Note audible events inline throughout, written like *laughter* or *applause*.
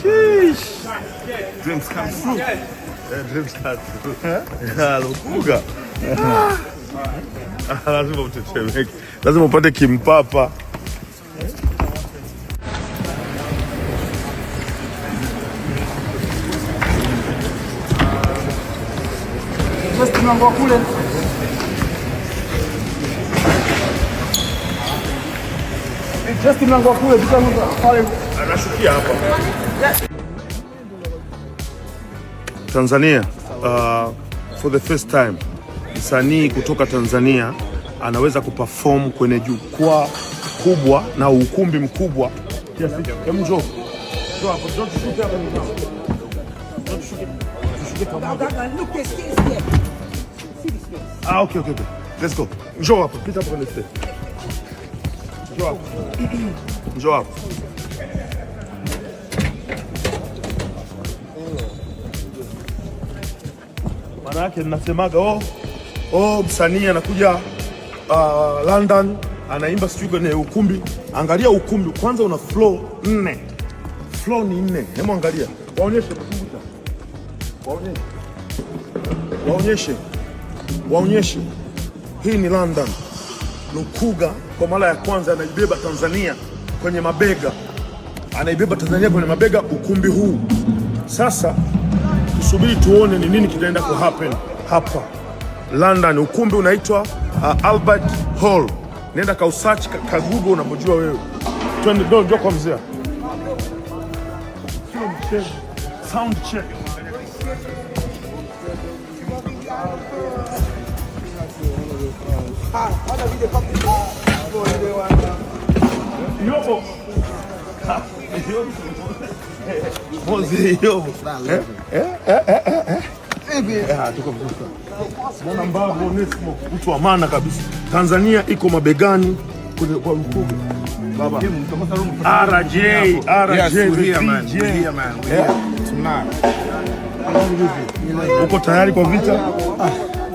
Sheesh. Dreams come e, true. Dreams come true. *laughs* Alokuga. Lazima *laughs* utetemeke, lazima upate kimpapa. Just tunaangua kule Just mlango wa kule pale anashukia hapa. Tanzania, uh, for the first time msanii kutoka Tanzania anaweza kuperform kwenye jukwaa kubwa na ukumbi mkubwa kiasi. Hebu njoo. Ah, okay, okay, okay. Let's go. Njoo hapa, pita hapa kwenye stage. Njoo hapo. Maana yake ninasemaga oh, oh msanii anakuja uh, London anaimba sijui kwenye ukumbi. Angalia ukumbi kwanza, una flow nne. Flow ni nne. Hebu angalia, waonyeshe waonyeshe waonyeshe waonyeshe, hii ni London. Lukuga kwa mara ya kwanza anaibeba Tanzania kwenye mabega, anaibeba Tanzania kwenye mabega ukumbi huu. Sasa tusubiri tuone ni nini kitaenda ku happen hapa London. Ukumbi unaitwa uh, Albert Hall. Nenda ka search ka Google unapojua wewe. Twende ndio njoo kwa mzee. Sound check. Bwana Mbavu Onesmo, mtu wa maana kabisa. Tanzania iko mabegani kwa Lukuga. Baba. RJ, RJ. Uko tayari kwa vita?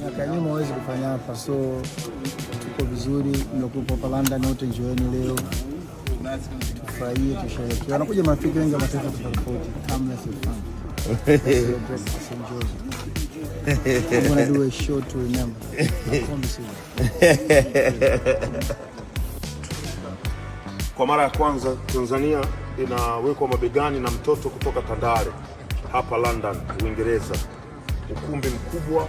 miaka ya nyuma huwezi kufanya hapa, so tuko vizuri. Mliokuwepo hapa London wote njoeni leo, tufurahie, tusherekee. Wanakuja marafiki wengi wa mataifa tofauti. Kwa mara ya kwanza Tanzania inawekwa mabegani na mtoto kutoka Tandale hapa London, Uingereza. Ukumbi mkubwa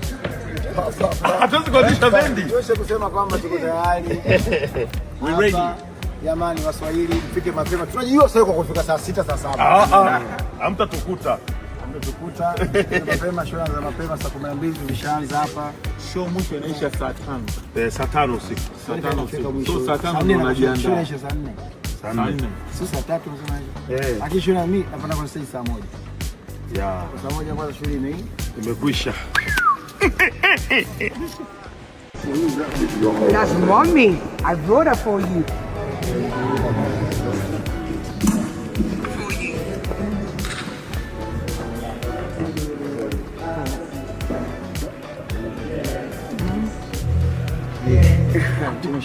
hatuwezi kuanzisha bendi. Tosha kusema kwamba tuko tayari. *laughs* We ready. Jamani Waswahili mfike mapema. Tunajua sasa kwa kufika saa sita saa saba. Ah ah. Hamtatukuta. Hamtatukuta. Mapema show za mapema saa 12 tumeshaanza hapa. Show mwisho inaisha saa 5. Eh, saa 5 usiku. Saa 5 usiku. saa 5 ndio Show inaisha saa 4. Saa 4. Sio saa 3 unasema hivyo. Eh. Akisho mimi napanda kwa saa 1. Yeah. Saa 1 kwanza shule imekwisha. *laughs* That's mommy. I voted for you.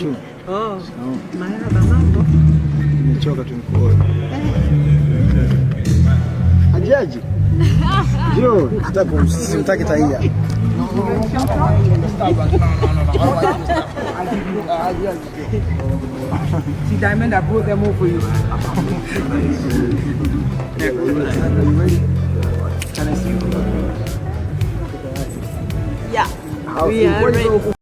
*laughs* Oh, marahaba mambo. Ajaji. Jo, sitaki taia. See, Diamond, I brought them all for you. I Yeah. We are ready.